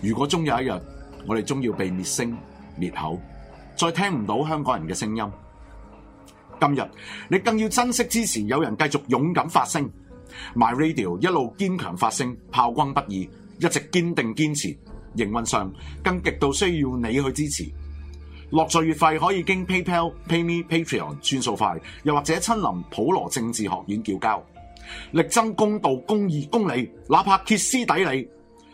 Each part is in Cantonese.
如果終有一日，我哋終要被滅聲滅口，再聽唔到香港人嘅聲音。今日你更要珍惜支持，有人繼續勇敢發聲，My Radio 一路堅強發聲，炮轟不已，一直堅定堅持。營運上更極度需要你去支持。落載月費可以經 PayPal、PayMe、Patreon 轉數快，又或者親臨普羅政治學院叫交，力爭公道、公義、公理，公理哪怕歇斯底里。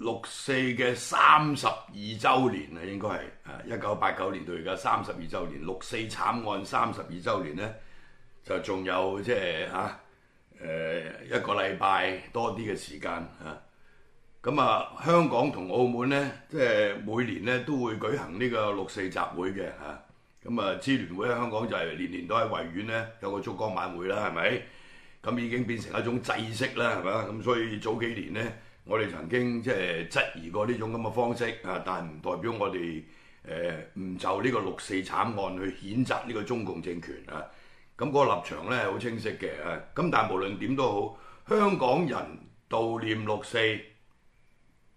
六四嘅三十二周年啊，應該係誒一九八九年到而家三十二周年。六四慘案三十二周年咧，就仲有即係嚇誒一個禮拜多啲嘅時間啊！咁啊，香港同澳門咧，即係每年咧都會舉行呢個六四集會嘅嚇。咁啊，啊，支聯會喺香港就係年年都喺維園咧有個燭光晚會啦，係咪？咁已經變成一種祭式啦，係咪啊？咁所以早幾年咧。我哋曾經即係質疑過呢種咁嘅方式啊，但係唔代表我哋誒唔就呢個六四慘案去譴責呢個中共政權啊。咁個立場咧係好清晰嘅啊。咁但係無論點都好，香港人悼念六四，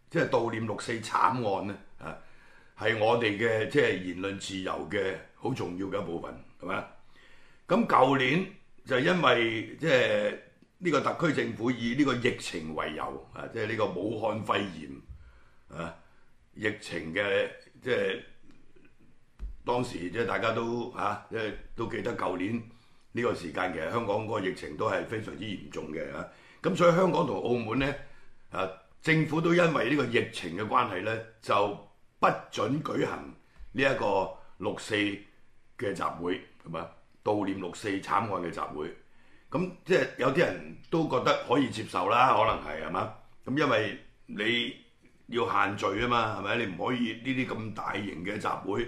即係悼念六四慘案咧啊，係我哋嘅即係言論自由嘅好重要嘅一部分，係咪啊？咁舊年就因為即係。就是呢個特區政府以呢個疫情為由啊，即係呢個武漢肺炎啊疫情嘅即係當時即係大家都嚇、啊，即係都記得舊年呢個時間其實香港嗰個疫情都係非常之嚴重嘅嚇。咁、啊、所以香港同澳門咧，啊政府都因為呢個疫情嘅關係咧，就不准舉行呢一個六四嘅集會係嘛，悼念六四慘案嘅集會。咁即係有啲人都覺得可以接受啦，可能係係嘛咁，因為你要限聚啊嘛，係咪？你唔可以呢啲咁大型嘅集會，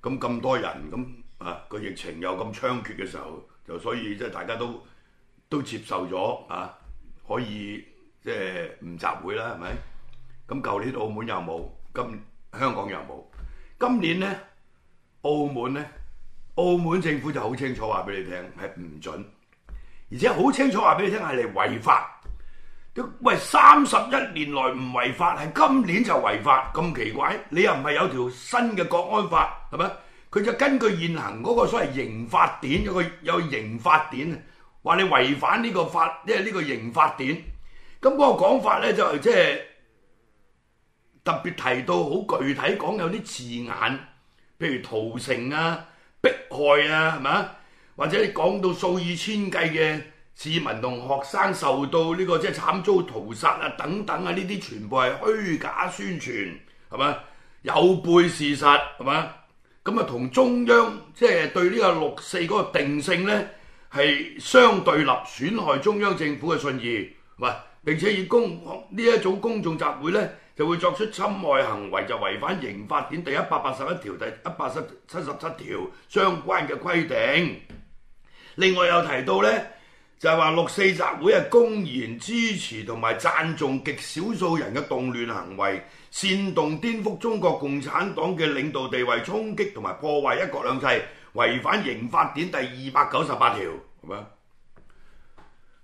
咁咁多人咁啊個疫情又咁猖獗嘅時候，就所以即係大家都都接受咗啊，可以即係唔集會啦，係咪？咁舊年澳門又冇，今香港又冇，今年呢，澳門呢，澳門政府就好清楚話畀你聽係唔準。而且好清楚話俾你聽，係嚟違法。喂，三十一年來唔違法，係今年就違法咁奇怪，你又唔係有條新嘅國安法係咪？佢就根據現行嗰個所謂刑法典，有個有刑法典，話你違反呢個法，即係呢個刑法典。咁嗰個講法咧就即係特別提到好具體，講有啲字眼，譬如屠城啊、迫害啊，係咪啊？或者你講到數以千計嘅市民同學生受到呢個即係慘遭屠殺啊等等啊呢啲全部係虛假宣傳，係嘛？有背事實，係嘛？咁啊，同中央即係對呢個六四嗰個定性咧係相對立，損害中央政府嘅信義，係嘛？並且以公呢一種公眾集會咧，就會作出侵害行為，就違反《刑法典》第一百八十一條、第一百七十七條相關嘅規定。另外有提到咧，就係話六四集會係公然支持同埋讚頌極少數人嘅動亂行為，煽動顛覆中國共產黨嘅領導地位，衝擊同埋破壞一國兩制，違反刑法典第二百九十八條。係咪？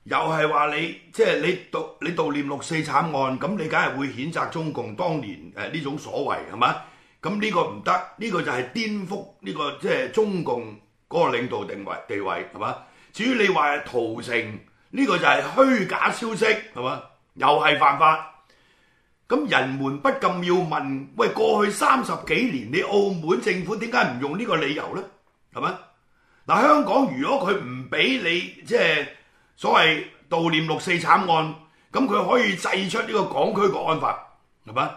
又係話你即係你悼你悼念六四慘案，咁你梗係會譴責中共當年誒呢種所為，係嘛？咁呢個唔得，呢個就係顛覆呢個即係中共，嗰個領導定位地位係嘛？至於你話屠城呢個就係虛假消息係嘛？又係犯法。咁人們不禁要問：喂，過去三十幾年，你澳門政府點解唔用呢個理由咧？係嘛？嗱，香港如果佢唔俾你即係所謂悼念六四慘案，咁佢可以制出呢個港區國安法係嘛？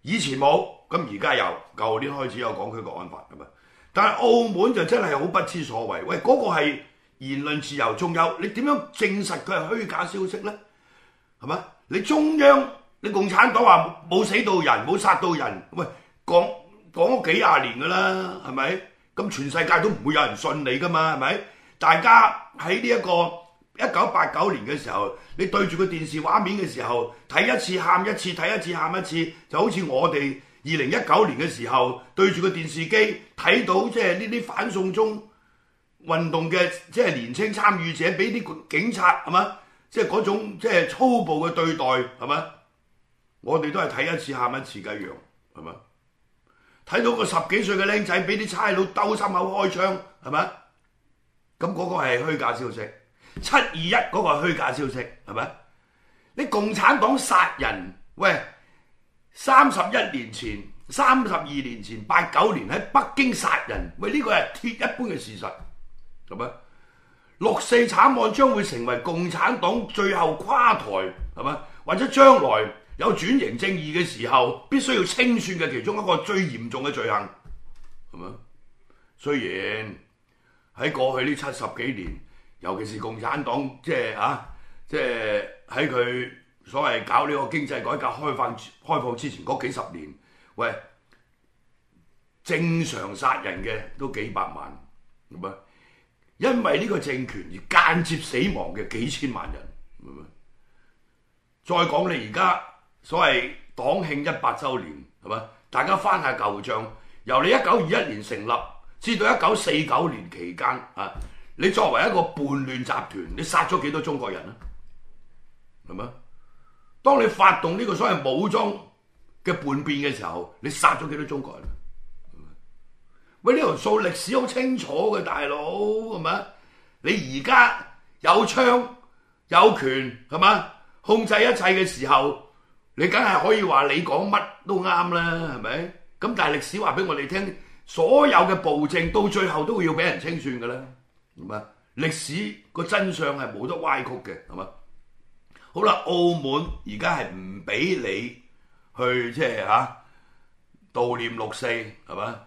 以前冇，咁而家又，舊年開始有港區國安法咁啊！但係澳門就真係好不知所謂，喂，嗰個係言論自由，仲有你點樣證實佢係虛假消息呢？係咪？你中央你共產黨話冇死到人，冇殺到人，喂，講講咗幾廿年噶啦，係咪？咁全世界都唔會有人信你噶嘛，係咪？大家喺呢一個一九八九年嘅時候，你對住個電視畫面嘅時候，睇一次喊一次，睇一次喊一次，就好似我哋二零一九年嘅時候對住個電視機。睇到即係呢啲反送中運動嘅即係年青參與者，俾啲警察係嘛，即係嗰種即係粗暴嘅對待係嘛，我哋都係睇一次喊一次嘅樣係嘛。睇到個十幾歲嘅僆仔俾啲差佬兜心口開槍係嘛，咁嗰個係虛假消息，七二一嗰個係虛假消息係嘛？你共產黨殺人喂，三十一年前。三十二年前，八九年喺北京殺人，喂呢個係鐵一般嘅事實，係咪？六四慘案將會成為共產黨最後垮台，係咪？或者將來有轉型正義嘅時候，必須要清算嘅其中一個最嚴重嘅罪行，係咪？雖然喺過去呢七十幾年，尤其是共產黨即係啊，即係喺佢所謂搞呢個經濟改革開放開放之前嗰幾十年。喂，正常殺人嘅都幾百萬，咁啊，因為呢個政權而間接死亡嘅幾千萬人，明唔明？再講你而家所謂黨慶一百周年，係咪？大家翻下舊賬，由你一九二一年成立，至到一九四九年期間啊，你作為一個叛亂集團，你殺咗幾多中國人啊？係嘛？當你發動呢個所謂武裝。嘅叛變嘅時候，你殺咗幾多中國人？喂，呢條數歷史好清楚嘅，大佬係咪？你而家有槍有權係嘛？控制一切嘅時候，你梗係可以話你講乜都啱啦，係咪？咁但係歷史話俾我哋聽，所有嘅暴政到最後都會要俾人清算嘅啦。係嘛？歷史個真相係冇得歪曲嘅，係嘛？好啦，澳門而家係唔俾你。去即係嚇悼念六四係嘛？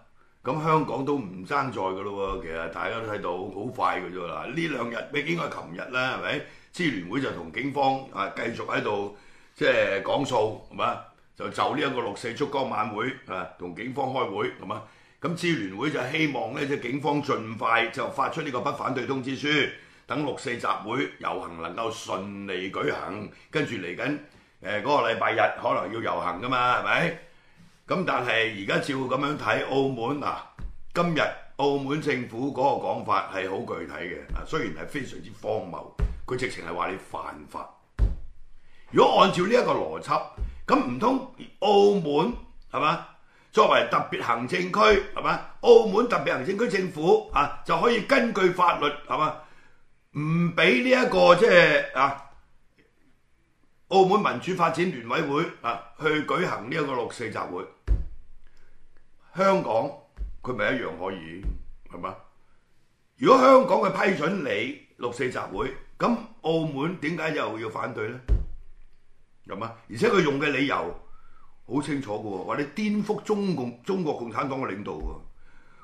咁香港都唔爭在㗎咯喎，其實大家都睇到好快㗎啫啦。呢兩日，畢竟係琴日啦，係咪？支聯會就同警方啊繼續喺度即係講數係嘛？就就呢一個六四燭光晚會啊，同警方開會係嘛？咁支聯會就希望咧，即係警方盡快就發出呢個不反對通知書，等六四集會遊行能夠順利舉行，跟住嚟緊。誒嗰、呃嗰個禮拜日可能要遊行噶嘛，係咪？咁但係而家照咁樣睇，澳門嗱、啊，今日澳門政府嗰個講法係好具體嘅，啊雖然係非常之荒謬，佢直情係話你犯法。如果按照呢一個邏輯，咁唔通澳門係嘛？作為特別行政區係嘛？澳門特別行政區政府啊就可以根據法律係嘛？唔俾呢一個即係、就是、啊？澳門民主發展聯委會啊，去舉行呢一個六四集會，香港佢咪一樣可以係嘛？如果香港佢批准你六四集會，咁澳門點解又要反對咧？咁啊，而且佢用嘅理由好清楚㗎，話你顛覆中共中國共產黨嘅領導，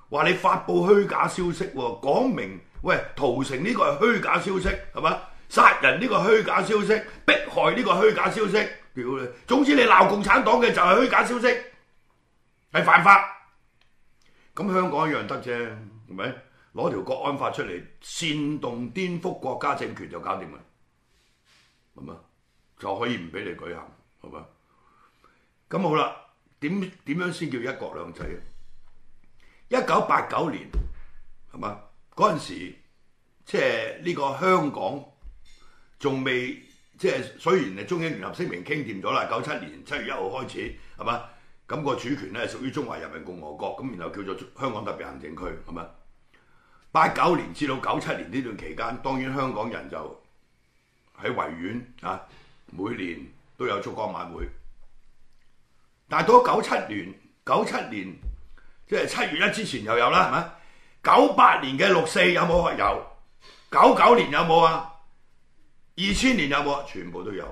話你發布虛假消息，講明喂，屠城呢個係虛假消息，係嘛？殺人呢個虛假消息，迫害呢個虛假消息，屌你！總之你鬧共產黨嘅就係虛假消息，係犯法。咁香港一樣得啫，係咪？攞條國安法出嚟，煽動顛覆國家政權就搞掂啦。咁啊，就可以唔俾你舉行，係咪？咁好啦，點點樣先叫一國兩制啊？一九八九年，係嘛？嗰陣時即係呢個香港。仲未即係，雖然係中英聯合聲明傾掂咗啦，九七年七月一號開始，係嘛？咁個主權咧屬於中華人民共和國，咁然後叫做香港特別行政區，係咪？八九年至到九七年呢段期間，當然香港人就喺維園啊，每年都有燭光晚會。但係到咗九七年，九七年即係七月一之前又有啦，係咪？九八年嘅六四有冇？有，九九年有冇啊？二千年有冇？全部都有。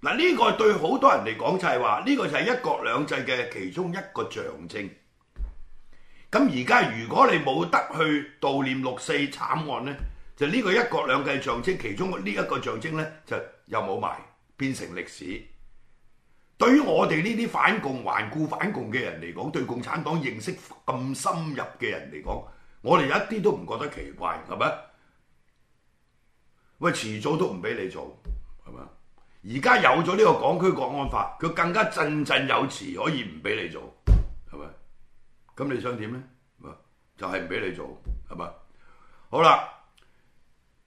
嗱，呢個對好多人嚟講就係話，呢個就係一國兩制嘅其中一個象徵。咁而家如果你冇得去悼念六四慘案咧，就呢個一國兩制象徵其中呢一個象徵咧，就又冇埋，變成歷史。對於我哋呢啲反共、頑固反共嘅人嚟講，對共產黨認識咁深入嘅人嚟講，我哋一啲都唔覺得奇怪，係咪？喂，遲早都唔俾你做，係咪？而家有咗呢個港區國安法，佢更加振振有詞，可以唔俾你做，係咪？咁你想點咧？啊，就係唔俾你做，係咪？好啦，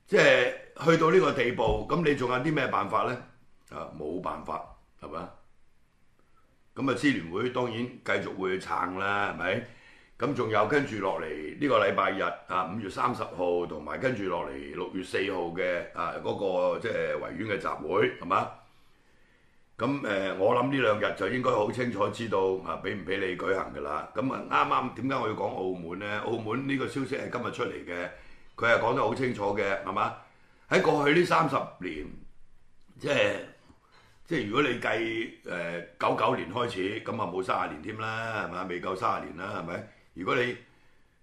即係去到呢個地步，咁你仲有啲咩辦法咧？啊，冇辦法，係咪？咁啊，支聯會當然繼續會去撐啦，係咪？咁仲有跟住落嚟呢個禮拜日啊，五月三十號同埋跟住落嚟六月四號嘅啊嗰、那個即係維園嘅集會，係嘛？咁誒、呃，我諗呢兩日就應該好清楚知道啊，俾唔俾你舉行㗎啦？咁啊，啱啱點解我要講澳門咧？澳門呢個消息係今日出嚟嘅，佢係講得好清楚嘅，係嘛？喺過去呢三十年，即係即係如果你計誒九九年開始，咁啊冇卅年添啦，係咪？未夠卅年啦，係咪？如果你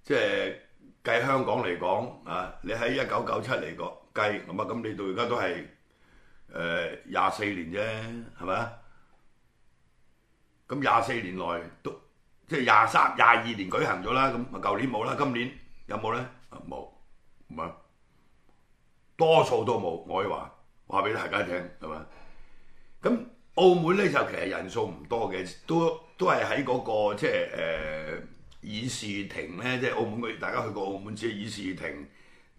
即係、就是、計香港嚟講啊，你喺一九九七嚟講計咁啊，咁你到、呃、而家都係誒廿四年啫，係咪啊？咁廿四年內都即係廿三廿二年舉行咗啦，咁啊舊年冇啦，今年有冇咧？冇，唔係多數都冇，我可以話話俾大家聽，係咪？咁澳門咧就其實人數唔多嘅，都都係喺嗰個即係誒。就是呃議事亭咧，即係澳門個，大家去過澳門，知係議事亭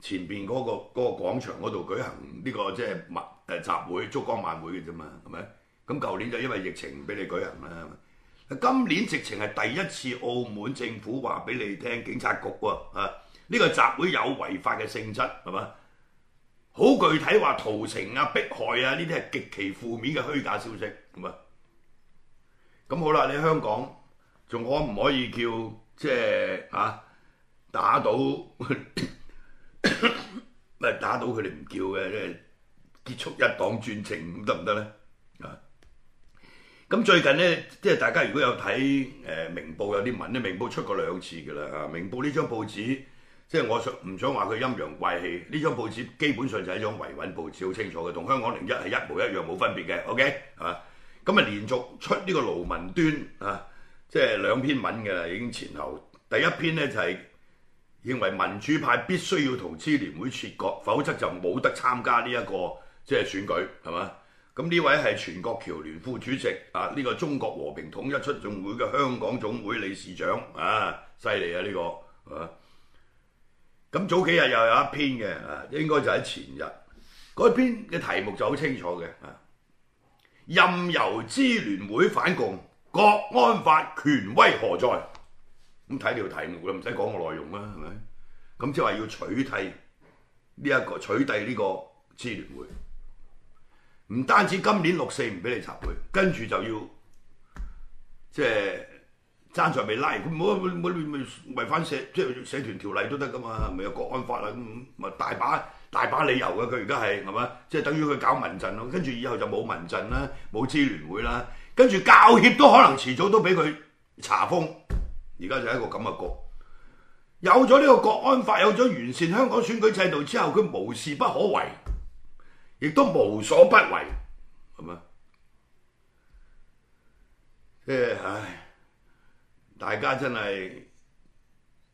前邊嗰個嗰個廣場嗰度舉行呢個即係物誒集會、燭光晚會嘅啫嘛，係咪？咁舊年就因為疫情唔俾你舉行啦。今年直情係第一次澳門政府話俾你聽，警察局喎，啊，呢個集會有違法嘅性質，係嘛？好具體話屠城啊、迫害啊，呢啲係極其負面嘅虛假消息，咁啊。咁好啦，你喺香港仲可唔可以叫？即係啊，打倒咪 打倒佢哋唔叫嘅，即係結束一黨專政，咁得唔得咧？啊，咁最近咧，即係大家如果有睇誒、呃、明報有啲文咧，明報出過兩次嘅啦嚇，明報呢張報紙即係我想唔想話佢陰陽怪氣？呢張報紙基本上就係張維穩報紙，好清楚嘅，同香港零一係一模一樣冇分別嘅。OK 係咁啊，連續出呢個勞民端啊。即係兩篇文嘅啦，已經前後。第一篇呢就係、是、認為民主派必須要同支聯會切割，否則就冇得參加呢、這、一個即係選舉，係嘛？咁呢位係全國僑聯副主席啊，呢、這個中國和平統一促進會嘅香港總會理事長啊，犀利啊呢個啊。咁、這、早、個啊、幾日又有一篇嘅啊，應該就喺前日。嗰篇嘅題目就好清楚嘅啊，任由支聯會反共。國安法權威何在？咁睇條題目啦，唔使講個內容啦，係咪？咁即係話要取締呢一個取締呢個支聯會，唔單止今年六四唔俾你集會，跟住就要即係、就是、爭在未拉，佢冇好冇，咪違反社即係社團條例都得噶嘛，咪有國安法啦，咁、嗯、咪大把大把理由噶。佢而家係係嘛，即係等於佢搞民陣咯，跟住以後就冇民陣啦，冇支聯會啦。跟住教協都可能遲早都俾佢查封，而家就係一個咁嘅局。有咗呢個國安法，有咗完善香港選舉制度之後，佢無事不可為，亦都無所不為，係咪？即係唉，大家真係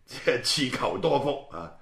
即係自求多福啊！